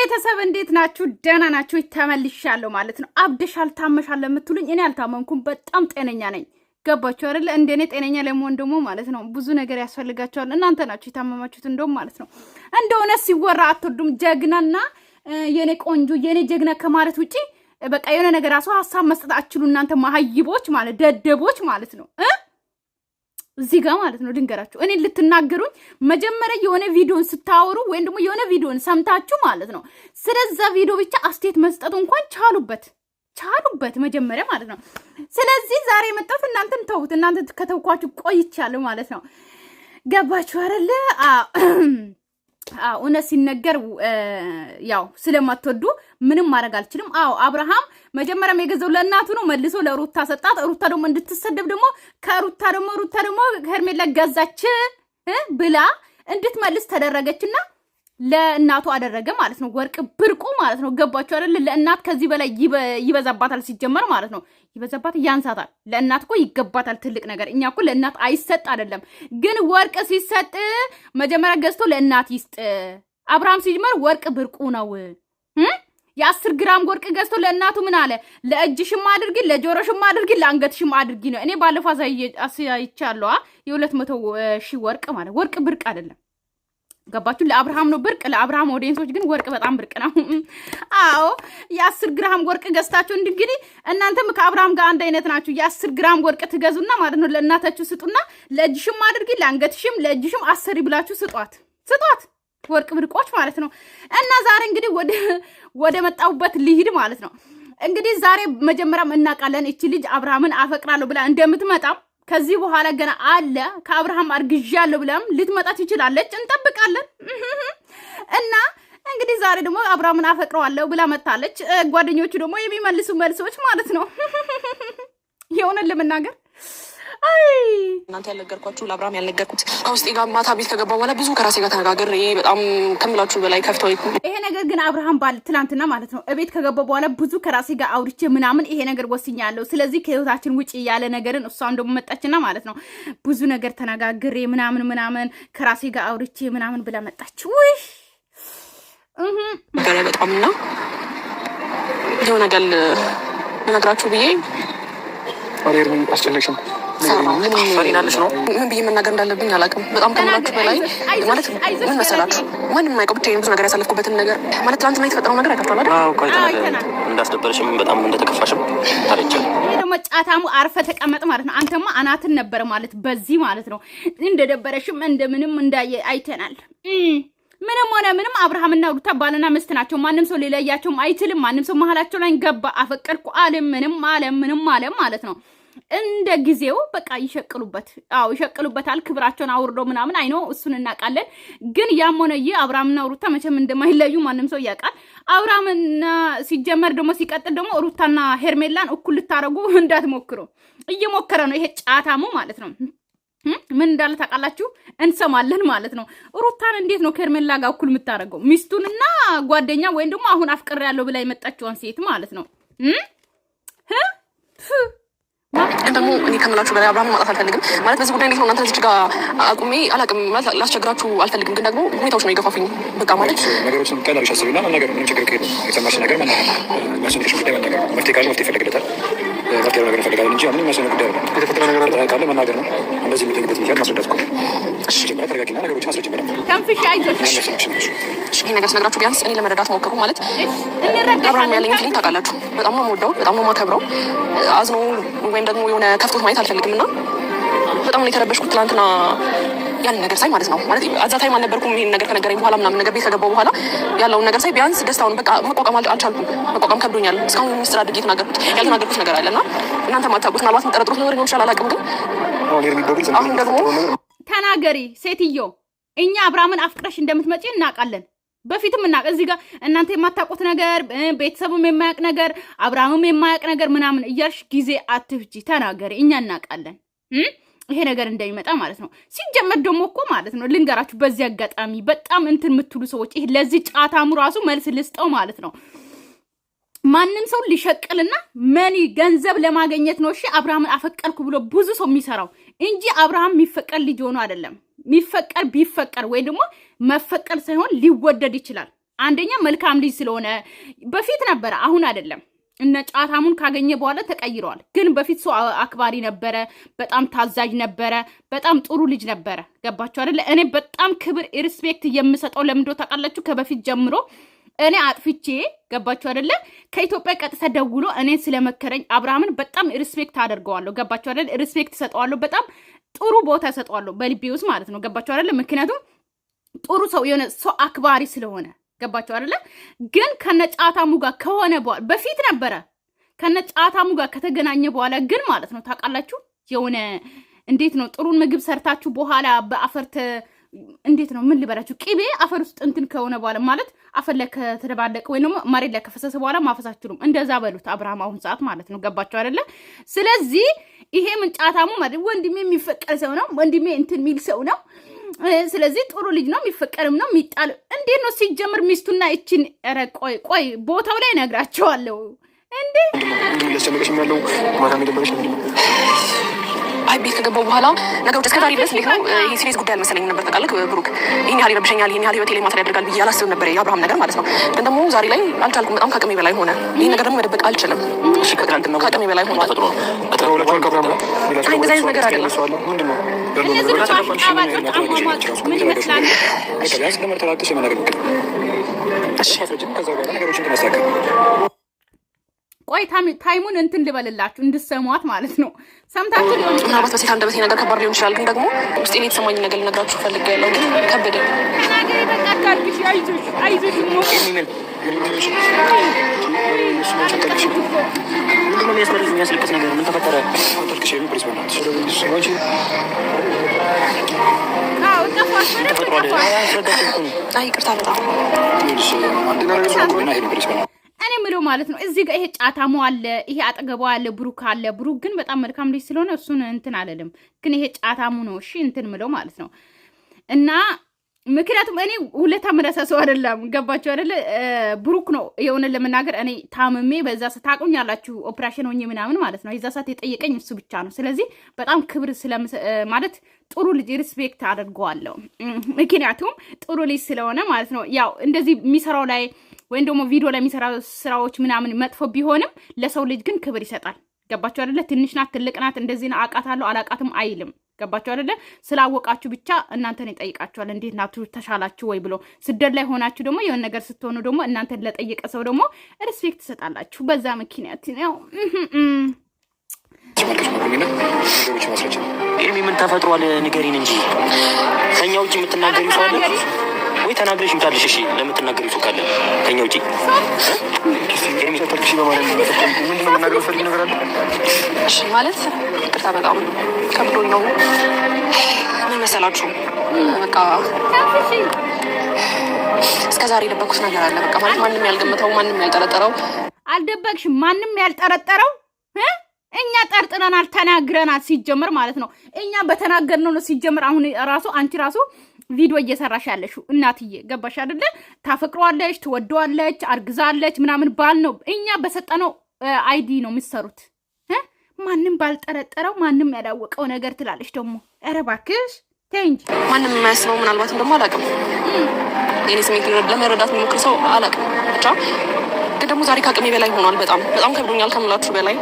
ቤተሰብ እንዴት ናችሁ? ደህና ናችሁ? ተመልሻለሁ ማለት ነው። አብደሻል፣ ታመሻል የምትሉኝ እኔ አልታመምኩም፣ በጣም ጤነኛ ነኝ። ገባችሁ አይደለ? እንደኔ ጤነኛ ለመሆን ደግሞ ማለት ነው ብዙ ነገር ያስፈልጋቸዋል። እናንተ ናችሁ የታመማችሁት እንደውም ማለት ነው። እንደሆነ ሲወራ አትወዱም። ጀግናና የኔ ቆንጆ የኔ ጀግና ከማለት ውጪ በቃ የሆነ ነገር ራሱ ሀሳብ መስጠት አችሉ እናንተ ማሀይቦች ማለት ደደቦች ማለት ነው። እዚህ ጋር ማለት ነው። ድንገራችሁ እኔ ልትናገሩኝ መጀመሪያ የሆነ ቪዲዮን ስታወሩ ወይም ደግሞ የሆነ ቪዲዮን ሰምታችሁ ማለት ነው። ስለዛ ቪዲዮ ብቻ አስቴት መስጠቱ እንኳን ቻሉበት ቻሉበት መጀመሪያ ማለት ነው። ስለዚህ ዛሬ የመጣሁት እናንተም ተውት፣ እናንተ ከተውኳችሁ ቆይቻለሁ ማለት ነው። ገባችሁ አይደለ? እውነት ሲነገር ያው ስለማትወዱ ምንም ማድረግ አልችልም። አዎ አብርሃም መጀመሪያም የገዛው ለእናቱ ነው፣ መልሶ ለሩታ ሰጣት። ሩታ ደግሞ እንድትሰደብ ደግሞ ከሩታ ደግሞ ሩታ ደግሞ ሄርሜላ ገዛች ብላ እንድትመልስ ተደረገችና ለእናቱ አደረገ ማለት ነው። ወርቅ ብርቁ ማለት ነው። ገባችሁ አይደል? ለእናት ከዚህ በላይ ይበዛባታል። ሲጀመር ማለት ነው ይበዛባት ያንሳታል። ለእናት እኮ ይገባታል ትልቅ ነገር። እኛ እኮ ለእናት አይሰጥ አይደለም፣ ግን ወርቅ ሲሰጥ መጀመሪያ ገዝቶ ለእናት ይስጥ። አብርሃም ሲጀመር ወርቅ ብርቁ ነው። የአስር ግራም ወርቅ ገዝቶ ለእናቱ ምን አለ? ለእጅሽም አድርጊ፣ ለጆሮሽም አድርጊ፣ ለአንገትሽም አድርጊ ነው። እኔ ባለፈው አሳይቻለሁ የሁለት መቶ ሺህ ወርቅ ማለት ወርቅ ብርቅ አይደለም። ገባችሁ? ለአብርሃም ነው ብርቅ፣ ለአብርሃም ኦዲየንሶች ግን ወርቅ በጣም ብርቅ ነው። አዎ የአስር ግራም ወርቅ ገዝታችሁ እንግዲህ እናንተም ከአብርሃም ጋር አንድ አይነት ናችሁ። የአስር ግራም ወርቅ ትገዙና ማለት ነው ለእናታችሁ ስጡና ለእጅሽም አድርጊ ለአንገትሽም ለእጅሽም አሰሪ ብላችሁ ስጧት፣ ስጧት ወርቅ ብርቆች ማለት ነው። እና ዛሬ እንግዲህ ወደ ወደ መጣሁበት ልሂድ ማለት ነው። እንግዲህ ዛሬ መጀመሪያም እናውቃለን እቺ ልጅ አብርሃምን አፈቅራለሁ ብላ እንደምትመጣም ከዚህ በኋላ ገና አለ ከአብርሃም አርግዣለሁ ብለም ልትመጣ ትችላለች፣ እንጠብቃለን። እና እንግዲህ ዛሬ ደግሞ አብርሃምን አፈቅረዋለሁ ብላ መታለች። ጓደኞቹ ደግሞ የሚመልሱ መልሶች ማለት ነው የሆነን ለመናገር እናንተ ያልነገርኳችሁ ለአብርሃም ያልነገርኩት ከውስጤ ጋር ማታ ቤት ከገባ በኋላ ብዙ ከራሴ ጋር ተነጋገር በጣም ከምላችሁ በላይ ከፍተው ይሄ ነገር ግን አብርሃም ባል ትናንትና ማለት ነው እቤት ከገባ በኋላ ብዙ ከራሴ ጋር አውርቼ ምናምን ይሄ ነገር ወስኛለሁ፣ ስለዚህ ከህይወታችን ውጭ ያለ ነገርን እሷም ደግሞ መጣችና ማለት ነው ብዙ ነገር ተነጋግሬ ምናምን ምናምን ከራሴ ጋር አውርቼ ምናምን ብላ መጣች። ውይ በጣም ና የሆነ ነገር ልነግራችሁ ብዬ አስጨነቅሽም ፈሪናለች ነው። ምን ብዬ መናገር እንዳለብኝ አላውቅም። በጣም ከምላችሁ በላይ ማለት ምን መሰላችሁ፣ ማንም የማያውቀው ብቻ ብዙ ነገር ያሳለፍኩበትን ነገር ማለት ትናንትና የተፈጠረው ነገር እንዳስደበረሽም በጣም እንደተከፋሽም ታለቻል። ይሄ ደግሞ ጫታሙ አርፈ ተቀመጥ ማለት ነው። አንተማ አናትን ነበር ማለት በዚህ ማለት ነው። እንደደበረሽም እንደምንም እንዳየ አይተናል። ምንም ሆነ ምንም አብርሃምና ሩታ ባልና ሚስት ናቸው። ማንም ሰው ሊለያቸውም አይችልም። ማንም ሰው መሀላቸው ላይ ገባ አፈቀድኩ አለ ምንም አለ ምንም አለ ማለት ነው። እንደ ጊዜው በቃ ይሸቅሉበት። አዎ ይሸቅሉበታል፣ ክብራቸውን አውርዶ ምናምን አይኖ እሱን እናውቃለን። ግን ያም ሆነ ይህ አብርሃምና ሩታ መቼም እንደማይለዩ ማንም ሰው ያውቃል። አብርሃምና ሲጀመር ደግሞ ሲቀጥል ደግሞ ሩታና ሄርሜላን እኩል ልታደርጉ እንዳትሞክሩ። እየሞከረ ነው ይሄ ጫታሙ ማለት ነው። ምን እንዳለ ታውቃላችሁ፣ እንሰማለን ማለት ነው። ሩታን እንዴት ነው ከሄርሜላ ጋር እኩል የምታደርገው? ሚስቱንና ጓደኛ ወይም ደግሞ አሁን አፍቅር ያለው ብላ የመጣችዋን ሴት ማለት ነው። ግን ደግሞ እኔ ከምላችሁ በላይ አብርሃም ማጣት አልፈልግም። ማለት በዚህ ጉዳይ እንዴት ነው እናንተ እዚህ ጋር አቁሜ አላቅም ማለት ላስቸግራችሁ አልፈልግም። ግን ደግሞ ሁኔታዎች ነው የገፋፍኝ። በቃ ማለት ነገሮችን ቀላል ሻስብና መናገር ምንም ችግር የለም። የሰማሽ ነገር መናገር ማስንሽ ጉዳይ መናገር መፍትሄ ካለ መፍትሄ ይፈልግለታል መፍትሄ ነገር እንፈልጋለን እንጂ አሁን የሚያሰነ ጉዳይ ነው። የተፈጠረ ነገር አለ ካለ መናገር ነው። እንደዚህ የሚገኝበት ምክንያት ማስረዳት እኮ ነው። ተረጋጊና ነገሮችን አስረጅ በደምብ ይህ ነገር ስነግራችሁ ቢያንስ እኔ ለመረዳት ሞከሩ ማለት አብርሃም ያለኝ ፊልም ታውቃላችሁ። በጣም ነው የምወደው፣ በጣም ነው የማከብረው። አዝኖ ወይም ደግሞ የሆነ ከፍቶት ማየት አልፈልግም እና በጣም ነው የተረበሽኩት ትናንትና ያንን ነገር ሳይ ማለት ነው ማለት አዛ ታይም አልነበርኩም። ይሄን ነገር ከነገረኝ በኋላ ምናምን ነገር ቤት ከገባሁ በኋላ ያለውን ነገር ሳይ ቢያንስ ደስታውን በቃ መቋቋም አልቻልኩም። መቋቋም ከብዶኛል። እስካሁን ሚስጥር አድርጌ የተናገርኩት ያልተናገርኩት ነገር አለ እና እናንተ ማታውቁት ምናልባት የምጠረጥሩት ነገር ሊሆን ይችላል፣ አላውቅም። ግን አሁን ደግሞ ተናገሪ ሴትዮ፣ እኛ አብርሃምን አፍቅረሽ እንደምትመጪ እናውቃለን። በፊትም እና እዚህ ጋር እናንተ የማታውቁት ነገር ቤተሰቡም የማያውቅ ነገር አብርሃምም የማያውቅ ነገር ምናምን እያልሽ ጊዜ አትፍጂ፣ ተናገሪ። እኛ እናውቃለን። ይሄ ነገር እንደሚመጣ ማለት ነው። ሲጀመር ደግሞ እኮ ማለት ነው ልንገራችሁ፣ በዚህ አጋጣሚ በጣም እንትን የምትሉ ሰዎች ይሄ ለዚህ ጫታሙ ራሱ መልስ ልስጠው ማለት ነው። ማንም ሰው ሊሸቅልና መኒ ገንዘብ ለማገኘት ነው። እሺ አብርሃምን አፈቀርኩ ብሎ ብዙ ሰው የሚሰራው እንጂ አብርሃም የሚፈቀር ልጅ ሆኖ አይደለም። የሚፈቀር ቢፈቀር ወይ ደግሞ መፈቀር ሳይሆን ሊወደድ ይችላል። አንደኛ መልካም ልጅ ስለሆነ በፊት ነበረ፣ አሁን አይደለም። እነ ጫታሙን ካገኘ በኋላ ተቀይረዋል። ግን በፊት ሰው አክባሪ ነበረ፣ በጣም ታዛዥ ነበረ፣ በጣም ጥሩ ልጅ ነበረ። ገባችሁ አይደለ? እኔ በጣም ክብር ሪስፔክት የምሰጠው ለምንዶ ታውቃላችሁ? ከበፊት ጀምሮ እኔ አጥፍቼ ገባችሁ አይደለ? ከኢትዮጵያ ቀጥታ ደውሎ እኔ ስለመከረኝ አብርሃምን በጣም ሪስፔክት አደርገዋለሁ። ገባችሁ አይደለ? ሪስፔክት እሰጠዋለሁ። በጣም ጥሩ ቦታ እሰጠዋለሁ በልቤ ውስጥ ማለት ነው። ገባችሁ አይደለ? ምክንያቱም ጥሩ ሰው የሆነ ሰው አክባሪ ስለሆነ ገባቸው አደለ? ግን ከነ ከነጫታሙ ጋር ከሆነ በኋላ በፊት ነበረ ከነ ከነጫታሙ ጋር ከተገናኘ በኋላ ግን ማለት ነው ታውቃላችሁ፣ የሆነ እንዴት ነው ጥሩን ምግብ ሰርታችሁ በኋላ በአፈርት እንዴት ነው ምን ልበላችሁ፣ ቅቤ አፈር ውስጥ እንትን ከሆነ በኋላ ማለት አፈር ላይ ከተደባለቀ ወይ ደግሞ መሬት ላይ ከፈሰሰ በኋላ ማፈስ አትችሉም። እንደዛ በሉት አብርሃም አሁን ሰዓት ማለት ነው ገባቸው አደለ? ስለዚህ ይሄ ምንጫታሙ ማለት ወንድሜ የሚፈቀር ሰው ነው፣ ወንድሜ እንትን የሚል ሰው ነው ስለዚህ ጥሩ ልጅ ነው፣ የሚፈቀርም ነው የሚጣል። እንዴት ነው ሲጀምር ሚስቱና እችን ኧረ ቆይ ቆይ ቦታው ላይ ነግራቸዋለሁ እንዴ ሀይብ ቤት ከገባው በኋላ ነገሮች እስከዛሬ ድረስ እንዴት ነው ይሄ ሲሪየስ ጉዳይ አልመሰለኝም ነበር። ታውቃለህ ብሩክ ይህን ያህል ይረብሸኛል፣ ይህን ያህል ህይወቴ ላይ ያደርጋል ብዬ አላስብም ነበር የአብርሃም ነገር ማለት ነው። ግን ደግሞ ዛሬ ላይ አልቻልኩም፣ በጣም ከአቅሜ በላይ ሆነ። ይህን ነገር ደግሞ መደበቅ አልችልም፣ ከአቅሜ በላይ ሆኗል። ነገር አይደለም። ቆይ ታይሙን እንትን ልበልላችሁ እንድሰሟት ማለት ነው። ሰምታችሁ ሊሆን ይችላል። ምናልባት በሴት አንደበት ነገር ከባድ ሊሆን ይችላል፣ ግን ደግሞ ውስጥ እኔ የተሰማኝ ነገር ልነግራችሁ ያለው ግን ከበደ ይቅርታ በጣም የምለው ማለት ነው። እዚህ ጋር ይሄ ጫታሙ አለ፣ ይሄ አጠገቧ አለ፣ ብሩክ አለ። ብሩክ ግን በጣም መልካም ልጅ ስለሆነ እሱን እንትን አለልም፣ ግን ይሄ ጫታሙ ነው። እሺ እንትን ምለው ማለት ነው እና ምክንያቱም እኔ ሁለት ምረሳ ሰው አይደለም። ገባችሁ አይደለ? ብሩክ ነው የሆነን ለመናገር እኔ ታምሜ በዛ ሰት ታቁኝ ያላችሁ ኦፕሬሽን ሆኜ ምናምን ማለት ነው። የዛ ሰት የጠየቀኝ እሱ ብቻ ነው። ስለዚህ በጣም ክብር ማለት ጥሩ ልጅ ሪስፔክት አድርገዋለሁ። ምክንያቱም ጥሩ ልጅ ስለሆነ ማለት ነው። ያው እንደዚህ የሚሰራው ላይ ወይም ደግሞ ቪዲዮ ላይ የሚሰራ ስራዎች ምናምን መጥፎ ቢሆንም ለሰው ልጅ ግን ክብር ይሰጣል። ገባችሁ አደለ? ትንሽ ናት ትልቅ ናት እንደዚህ ና አውቃታለሁ አላውቃትም አይልም። ገባችሁ አደለ? ስላወቃችሁ ብቻ እናንተን ይጠይቃችኋል። እንዴት ናችሁ ተሻላችሁ ወይ ብሎ ስደት ላይ ሆናችሁ ደግሞ የሆነ ነገር ስትሆኑ ደግሞ እናንተን ለጠየቀ ሰው ደግሞ ሪስፔክት ትሰጣላችሁ። በዛ ምክንያት ነው ይህም የምን ተፈጥሯል ንገሪን እንጂ ከኛ ውጭ የምትናገሪ ሰው አለ ወይ ተናግረሽ ይምጣልሽ። እሺ ለምትናገሪው ሰው ካለ ከኛ ውጪ ማለት ቅርታ በጣም ከብዶኝ ነው። ምን መሰላችሁ በቃ እስከ ዛሬ የደበኩት ነገር አለ። በቃ ማለት ማንም ያልገመተው ማንም ያልጠረጠረው አልደበቅሽም። ማንም ያልጠረጠረው እኛ ጠርጥረናል፣ ተናግረናል። ሲጀመር ማለት ነው እኛ በተናገርነው ነው ሲጀመር። አሁን ራሱ አንቺ ራሱ ቪዲዮ እየሰራሽ ያለሽው እናትዬ፣ ገባሽ አይደለ? ታፈቅሯለች፣ ትወደዋለች፣ አርግዛለች ምናምን ባል ነው። እኛ በሰጠነው አይዲ ነው የሚሰሩት። ማንም ባልጠረጠረው ማንም ያላወቀው ነገር ትላለች ደግሞ። ኧረ እባክሽ ተይ እንጂ ማንም የማያስበው ምናልባትም ደግሞ አላውቅም፣ የኔ ስሜት ለመረዳት የሚሞክር ሰው አላውቅም። ብቻ ግን ደግሞ ዛሬ ከአቅሜ በላይ ሆኗል። በጣም በጣም ከብዶኛል ከምላችሁ በላይ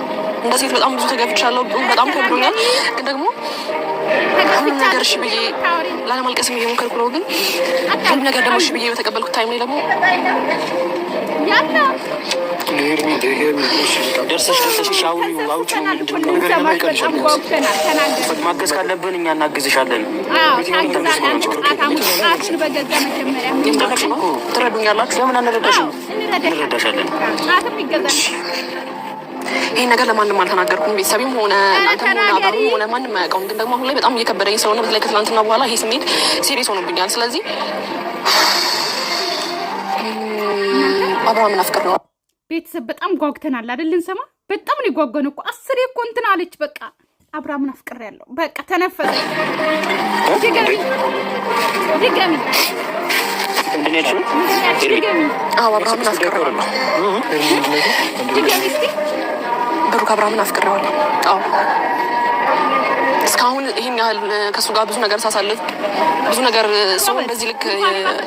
እንደ ሴት በጣም ብዙ ተገፍቻለሁ። በጣም ከብዶኛል። ግን ደግሞ ሁሉም ነገር እሺ ብዬ ላለማልቀስም እየሞከርኩ ነው። ግን ሁሉም ነገር ደግሞ እሺ ብዬ በተቀበልኩት ታይም ላይ ደግሞ ደርሰሽ ነገር ማገዝ ካለብን እኛ እናግዝሻለን። ትረዱኛላችሁ። ለምን እንረዳሻለን። ይሄን ነገር ለማንም አልተናገርኩም። ቤተሰብም ሆነ እናንተም ሆነ አባሩም ሆነ ማንም አያውቀውም። ግን ደግሞ አሁን ላይ በጣም እየከበደኝ ስለሆነ በተለይ ከትላንትና በኋላ ይሄ ስሜት ሲሪየስ ሆኖብኛል። ስለዚህ አብርሃምን ነው ቤተሰብ በጣም ጓጉተናል አይደል? ሰማ በጣም ነው የጓጓነው እኮ አስሬ እኮ እንትን አለች። በቃ አብርሃምን ያለው በቃ ተነፈሰ። ድገሚ ድገሚ ድገሚ። አዎ አፍቅር ያለው ድገሚ እስኪ ብሩክ አብርሃምን አፍቅረዋል። አዎ እስካሁን ይህን ያህል ከእሱ ጋር ብዙ ነገር ሳሳልፍ ብዙ ነገር ሰው እንደዚህ ልክ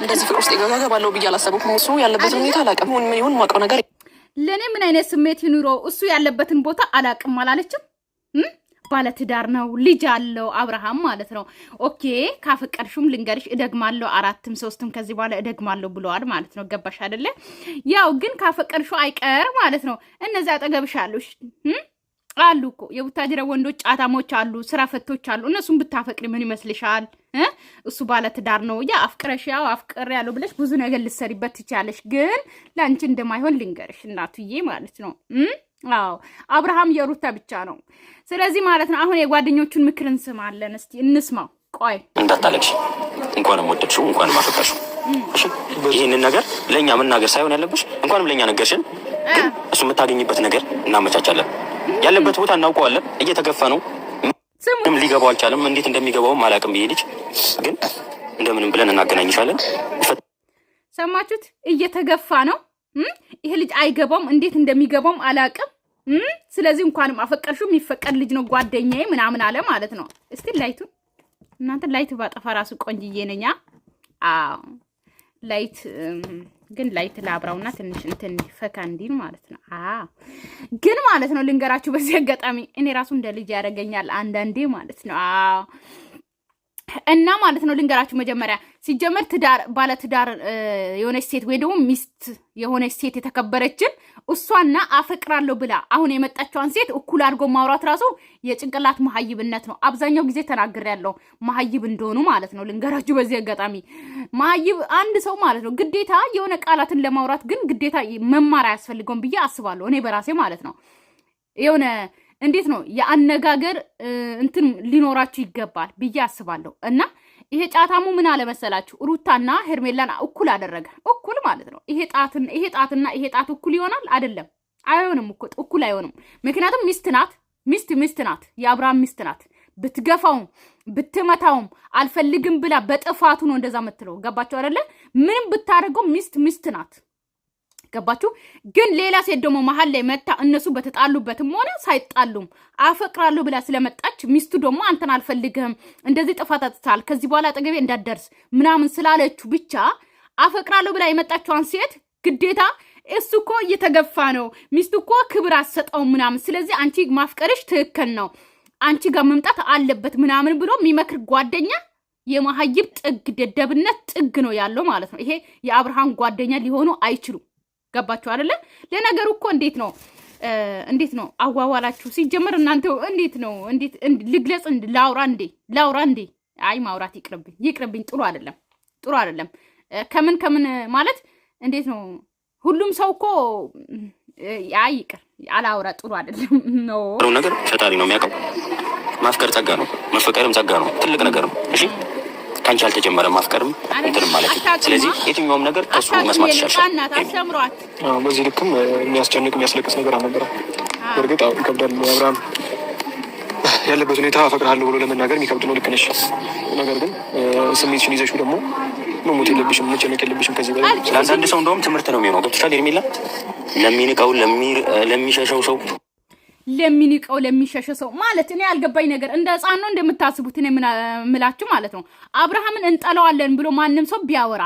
እንደዚህ ፍቅር ውስጥ ገባለው ብዬ አላሰብኩም። እሱ ያለበትን ሁኔታ አላውቅም። ምን ይሁን የማውቀው ነገር ለእኔ ምን አይነት ስሜት ይኑሮ እሱ ያለበትን ቦታ አላውቅም አላለችም። ባለትዳር ነው፣ ልጅ አለው አብርሃም ማለት ነው። ኦኬ ካፈቀድሹም ልንገርሽ፣ እደግማለሁ፣ አራትም ሶስትም ከዚህ በኋላ እደግማለሁ ብለዋል ማለት ነው። ገባሽ አይደለ? ያው ግን ካፈቀድሹ አይቀር ማለት ነው። እነዚያ አጠገብሽ አሉ አሉ እኮ የቡታጅረ ወንዶች ጫታሞች አሉ፣ ስራ ፈቶች አሉ። እነሱን ብታፈቅሪ ምን ይመስልሻል? እሱ ባለ ትዳር ነው። ያ አፍቅረሽ ያው አፍቅር ያለው ብለሽ ብዙ ነገር ልሰሪበት ትችያለሽ። ግን ለአንቺ እንደማይሆን ልንገርሽ እናቱዬ ማለት ነው። አዎ አብርሃም የሩታ ብቻ ነው። ስለዚህ ማለት ነው አሁን የጓደኞቹን ምክር እንስማለን። እስቲ እንስማው። ቆይ እንዳታለቅሽ፣ እንኳንም ወደድሽው፣ እንኳንም አፈቀርሽው። ይህንን ነገር ለእኛ መናገር ሳይሆን ያለብሽ እንኳንም ለእኛ ነገርሽን፣ ግን እሱ የምታገኝበት ነገር እናመቻቻለን። ያለበት ቦታ እናውቀዋለን። እየተገፋ ነው፣ ምንም ሊገባው አልቻለም። እንዴት እንደሚገባውም አላውቅም። ይሄ ልጅ ግን እንደምንም ብለን እናገናኝሻለን። ሰማችሁት? እየተገፋ ነው ይሄ ልጅ አይገባውም፣ እንዴት እንደሚገባውም አላቅም። ስለዚህ እንኳንም አፈቀርሹ የሚፈቀድ ልጅ ነው ጓደኛዬ ምናምን አለ ማለት ነው። እስቲ ላይቱ እናንተ ላይት ባጠፋ ራሱ ቆንጅዬ ነኝ። ላይት ግን ላይት ላብራውና ትንሽ እንትን ፈካ እንዲል ማለት ነው። ግን ማለት ነው ልንገራችሁ በዚህ አጋጣሚ እኔ ራሱ እንደ ልጅ ያደርገኛል አንዳንዴ ማለት ነው። አዎ እና ማለት ነው ልንገራችሁ፣ መጀመሪያ ሲጀመር ትዳር ባለ ትዳር የሆነች ሴት ወይ ደግሞ ሚስት የሆነች ሴት የተከበረችን እሷና አፈቅራለሁ ብላ አሁን የመጣችዋን ሴት እኩል አድርጎ ማውራት ራሱ የጭንቅላት መሀይብነት ነው። አብዛኛው ጊዜ ተናግሬያለሁ መሀይብ እንደሆኑ ማለት ነው ልንገራችሁ። በዚህ አጋጣሚ መሀይብ አንድ ሰው ማለት ነው ግዴታ የሆነ ቃላትን ለማውራት ግን ግዴታ መማር አያስፈልገውም ብዬ አስባለሁ እኔ በራሴ ማለት ነው የሆነ እንዴት ነው የአነጋገር እንትን ሊኖራችሁ ይገባል ብዬ አስባለሁ። እና ይሄ ጫታሙ ምን አለመሰላችሁ ሩታና ሄርሜላን እኩል አደረገ። እኩል ማለት ነው ይሄ ጣትና ይሄ ጣትና ይሄ ጣት እኩል ይሆናል አይደለም? አይሆንም እኮ እኩል አይሆንም። ምክንያቱም ሚስት ናት፣ ሚስት ሚስት ናት፣ የአብርሃም ሚስት ናት። ብትገፋውም ብትመታውም አልፈልግም ብላ በጥፋቱ ነው እንደዛ የምትለው ገባቸው አይደለ? ምንም ብታደርገው ሚስት ሚስት ናት። ገባችሁ? ግን ሌላ ሴት ደግሞ መሀል ላይ መታ እነሱ በተጣሉበትም ሆነ ሳይጣሉም አፈቅራለሁ ብላ ስለመጣች ሚስቱ ደግሞ አንተን አልፈልግህም፣ እንደዚህ ጥፋት አጥተሃል፣ ከዚህ በኋላ አጠገቤ እንዳደርስ ምናምን ስላለችሁ ብቻ አፈቅራለሁ ብላ የመጣችዋን ሴት ግዴታ እሱ እኮ እየተገፋ ነው፣ ሚስቱ እኮ ክብር አትሰጠውም ምናምን፣ ስለዚህ አንቺ ማፍቀርሽ ትክክል ነው፣ አንቺ ጋር መምጣት አለበት ምናምን ብሎ የሚመክር ጓደኛ የመሀይብ ጥግ ደደብነት ጥግ ነው ያለው ማለት ነው። ይሄ የአብርሃም ጓደኛ ሊሆኑ አይችሉም። ገባችሁ አይደለ? ለነገሩ እኮ እንዴት ነው እንዴት ነው አዋዋላችሁ ሲጀመር እናንተ እንዴት ነው ልግለጽ ላውራ እንዴ ላውራ እንዴ? አይ ማውራት ይቅርብኝ ይቅርብኝ። ጥሩ አይደለም ጥሩ አይደለም። ከምን ከምን ማለት እንዴት ነው ሁሉም ሰው እኮ አይ ይቅር አላውራ። ጥሩ አይደለም ነው ነገር። ፈጣሪ ነው የሚያውቀው። ማፍቀር ጸጋ ነው፣ መፈቀርም ጸጋ ነው። ትልቅ ነገር ነው። እሺ ከአንቺ አልተጀመረ አፍቀርም እንትን ማለት ነው። ስለዚህ የትኛውም ነገር ከሱ መስማት ይሻልሻል። በዚህ ልክም የሚያስጨንቅ የሚያስለቅስ ነገር አልነበረም። በእርግጥ ይከብዳል። አብርሃም ያለበት ሁኔታ አፈቅርሃለሁ ብሎ ለመናገር የሚከብድ ነው። ልክ ነሽ። ነገር ግን ስሜትሽን ይዘሽው ደግሞ መሞት የለብሽም፣ መጨነቅ የለብሽም። ከዚህ በላይ ለአንዳንድ ሰው እንደውም ትምህርት ነው የሚሆነው። ገብቶሻል ሄርሜላ? ለሚንቀው ለሚሸሸው ሰው ለሚንቀው ለሚሸሸ ሰው ማለት እኔ ያልገባኝ ነገር እንደ ህፃን ነው እንደምታስቡት እኔ ምላችሁ ማለት ነው። አብርሃምን እንጠለዋለን ብሎ ማንም ሰው ቢያወራ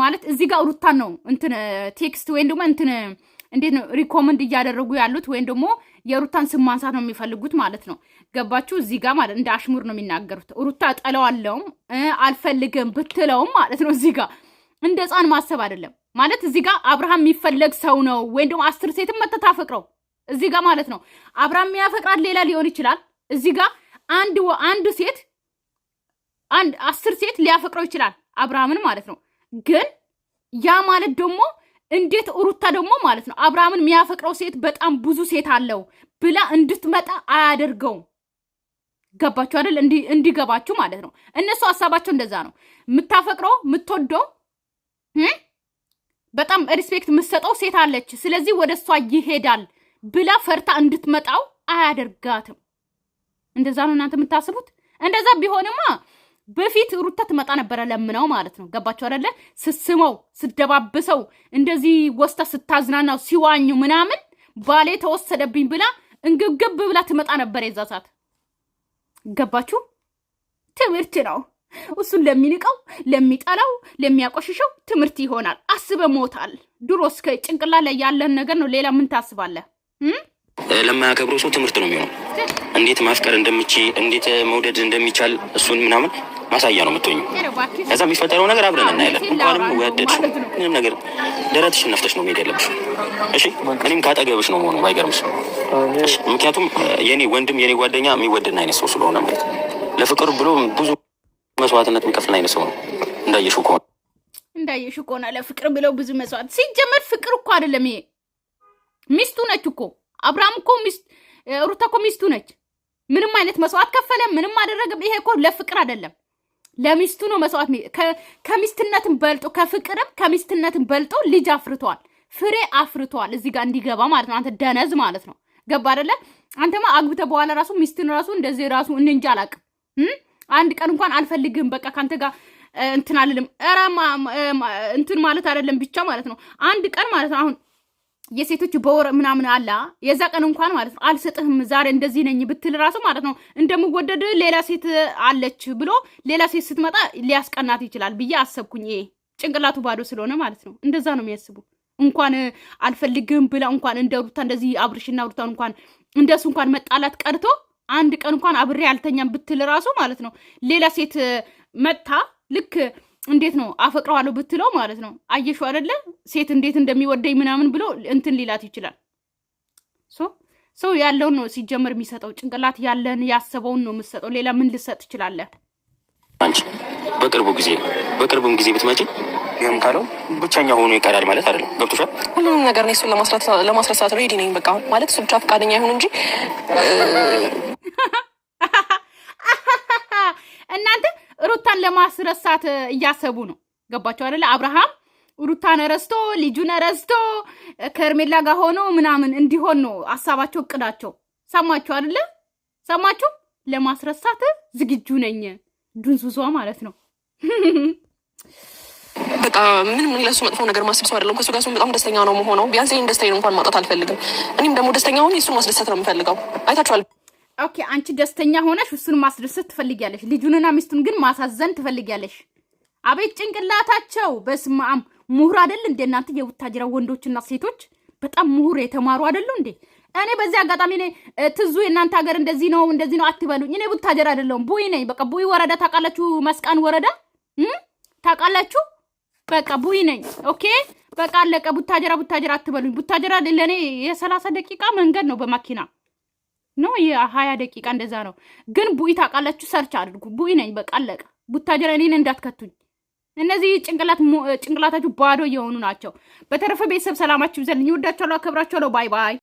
ማለት እዚህ ጋር ሩታን ነው እንትን ቴክስት ወይም ደግሞ እንትን እንዴት ነው ሪኮመንድ እያደረጉ ያሉት ወይም ደግሞ የሩታን ስም ማንሳት ነው የሚፈልጉት ማለት ነው። ገባችሁ? እዚህ ጋር ማለት እንደ አሽሙር ነው የሚናገሩት። ሩታ ጠለዋለውም አልፈልግም ብትለውም ማለት ነው እዚህ ጋር እንደ ህፃን ማሰብ አይደለም ማለት እዚህ ጋር አብርሃም የሚፈለግ ሰው ነው ወይም ደግሞ አስር ሴትም መተታፈቅረው እዚህ ጋር ማለት ነው አብራም የሚያፈቅራት ሌላ ሊሆን ይችላል። እዚህ ጋር አንድ አንድ ሴት አንድ አስር ሴት ሊያፈቅረው ይችላል አብርሃምን ማለት ነው። ግን ያ ማለት ደግሞ እንዴት ሩታ ደግሞ ማለት ነው አብርሃምን የሚያፈቅረው ሴት በጣም ብዙ ሴት አለው ብላ እንድትመጣ አያደርገውም። ገባችሁ አይደል? እንዲገባችሁ ማለት ነው። እነሱ ሀሳባቸው እንደዛ ነው። የምታፈቅረው የምትወደው በጣም ሪስፔክት የምትሰጠው ሴት አለች። ስለዚህ ወደ እሷ ይሄዳል። ብላ ፈርታ እንድትመጣው አያደርጋትም። እንደዛ ነው እናንተ የምታስቡት? እንደዛ ቢሆንማ በፊት ሩታ ትመጣ ነበረ ለምነው ማለት ነው። ገባቸው አይደለ? ስስመው ስደባብሰው፣ እንደዚህ ወስታ ስታዝናናው፣ ሲዋኙ ምናምን ባሌ ተወሰደብኝ ብላ እንግብግብ ብላ ትመጣ ነበረ የዛ ሰዓት። ገባችሁ? ትምህርት ነው እሱን ለሚንቀው፣ ለሚጠላው፣ ለሚያቆሽሸው ትምህርት ይሆናል። አስበ ሞታል። እስከ ጭንቅላ ላይ ያለን ነገር ነው። ሌላ ምን ታስባለህ? ለማያከብረው ሰው ትምህርት ነው የሚሆነው። እንዴት ማፍቀር እንደምች እንዴት መውደድ እንደሚቻል እሱን ምናምን ማሳያ ነው የምትሆኝ። ከዛ የሚፈጠረው ነገር አብረን እናያለን። እንኳንም ወደድ ምንም ነገር ደረትሽ ነፍተሽ ነው መሄድ ያለብሽ። እሺ እኔም ካጠገብሽ ነው መሆኑ ባይገርምሽ። ምክንያቱም የኔ ወንድም የኔ ጓደኛ የሚወደድን አይነት ሰው ስለሆነ ማለት ለፍቅር ብሎ ብዙ መስዋዕትነት የሚከፍልን አይነት ሰው ነው እንዳየሽው ከሆነ እንዳየሽው ከሆነ ለፍቅር ብለው ብዙ መስዋዕት ሲጀመር ፍቅር እኮ አይደለም ይሄ ሚስቱ ነች እኮ አብርሃም እኮ ሩታ እኮ ሚስቱ ነች። ምንም አይነት መስዋዕት ከፈለ ምንም አደረገም። ይሄ እኮ ለፍቅር አይደለም ለሚስቱ ነው መስዋዕት። ከሚስትነትን በልጦ ከፍቅርም ከሚስትነትን በልጦ ልጅ አፍርተዋል፣ ፍሬ አፍርተዋል። እዚህ ጋር እንዲገባ ማለት ነው። አንተ ደነዝ ማለት ነው። ገባ አደለ? አንተማ አግብተ በኋላ ራሱ ሚስትን ራሱ እንደዚህ ራሱ እንንጃ አላቅም። አንድ ቀን እንኳን አልፈልግም፣ በቃ ከአንተ ጋር እንትን አልልም። ኧረ እንትን ማለት አይደለም ብቻ ማለት ነው። አንድ ቀን ማለት ነው አሁን የሴቶች በወር ምናምን አላ የዛ ቀን እንኳን ማለት ነው አልሰጥህም፣ ዛሬ እንደዚህ ነኝ ብትል ራሱ ማለት ነው እንደምወደድ ሌላ ሴት አለች ብሎ ሌላ ሴት ስትመጣ ሊያስቀናት ይችላል ብዬ አሰብኩኝ። ይሄ ጭንቅላቱ ባዶ ስለሆነ ማለት ነው እንደዛ ነው የሚያስቡ። እንኳን አልፈልግም ብላ እንኳን እንደ ሩታ እንደዚህ አብርሽና ሩታን እንኳን እንደሱ እንኳን መጣላት ቀርቶ አንድ ቀን እንኳን አብሬ አልተኛም ብትል ራሱ ማለት ነው ሌላ ሴት መጥታ ልክ እንዴት ነው አፈቅረዋለሁ ብትለው ማለት ነው አየሹ አደለ ሴት እንዴት እንደሚወደኝ ምናምን ብሎ እንትን ሊላት ይችላል። ሰው ያለውን ነው ሲጀመር የሚሰጠው ጭንቅላት ያለን ያሰበውን ነው የምትሰጠው። ሌላ ምን ልሰጥ ይችላለ አንቺ በቅርቡ ጊዜ በቅርቡም ጊዜ ብትመጪ ይህም ካለው ብቻኛ ሆኖ ይቀራል ማለት አይደለም። ገብቶሻል? ሁሉንም ነገር እሱን ለማስረሳት ሬዲ ነኝ። በቃ ማለት እሱ ብቻ ፈቃደኛ ይሁን እንጂ እናንተ ሩታን ለማስረሳት እያሰቡ ነው። ገባቸው አደለ? አብርሃም ሩታን ረስቶ ልጁን ረስቶ ከርሜላ ጋር ሆኖ ምናምን እንዲሆን ነው ሀሳባቸው፣ እቅዳቸው። ሰማችሁ አደለ? ሰማችሁ? ለማስረሳት ዝግጁ ነኝ። ዱንሱሷ ማለት ነው። በቃ ምን ለሱ መጥፎ ነገር ማስብ ሰው አይደለም። ከሱ ጋር በጣም ደስተኛ ነው መሆነው። ቢያንስ ይህን ደስታዬን እንኳን ማጣት አልፈልግም። እኔም ደግሞ ደስተኛ ሆኜ እሱን ማስደሰት ነው የምፈልገው። አይታችኋል። ኦኬ አንቺ ደስተኛ ሆነሽ እሱን ማስደሰት ትፈልጊያለሽ። ልጁንና ሚስቱን ግን ማሳዘን ትፈልጊያለሽ። አቤት ጭንቅላታቸው! በስመ አብ ምሁር አይደል እንዴ እናንተ የቡታጅራ ወንዶችና ሴቶች በጣም ምሁር የተማሩ አይደሉ እንዴ? እኔ በዚህ አጋጣሚ እኔ ትዙ የእናንተ ሀገር እንደዚህ ነው እንደዚህ ነው አትበሉኝ። እኔ ቡታጅራ አይደለሁም ቡይ ነኝ። በቃ ቡይ ወረዳ ታውቃላችሁ? መስቃን ወረዳ ታውቃላችሁ? በቃ ቡይ ነኝ። ኦኬ በቃ አለቀ። ቡታጅራ ቡታጅራ አትበሉኝ። ቡታጅራ ለእኔ የሰላሳ ደቂቃ መንገድ ነው በማኪና ነው የሀያ ደቂቃ እንደዛ ነው። ግን ቡኢ ታውቃላችሁ፣ ሰርች አድርጉ። ቡኢ ነኝ በቃ አለቀ። ቡታጀራ እኔን እንዳትከቱኝ። እነዚህ ጭንቅላታችሁ ባዶ የሆኑ ናቸው። በተረፈ ቤተሰብ ሰላማችሁ ይብዛልኝ። እወዳችኋለሁ፣ አከብራችኋለሁ። ባይ ባይ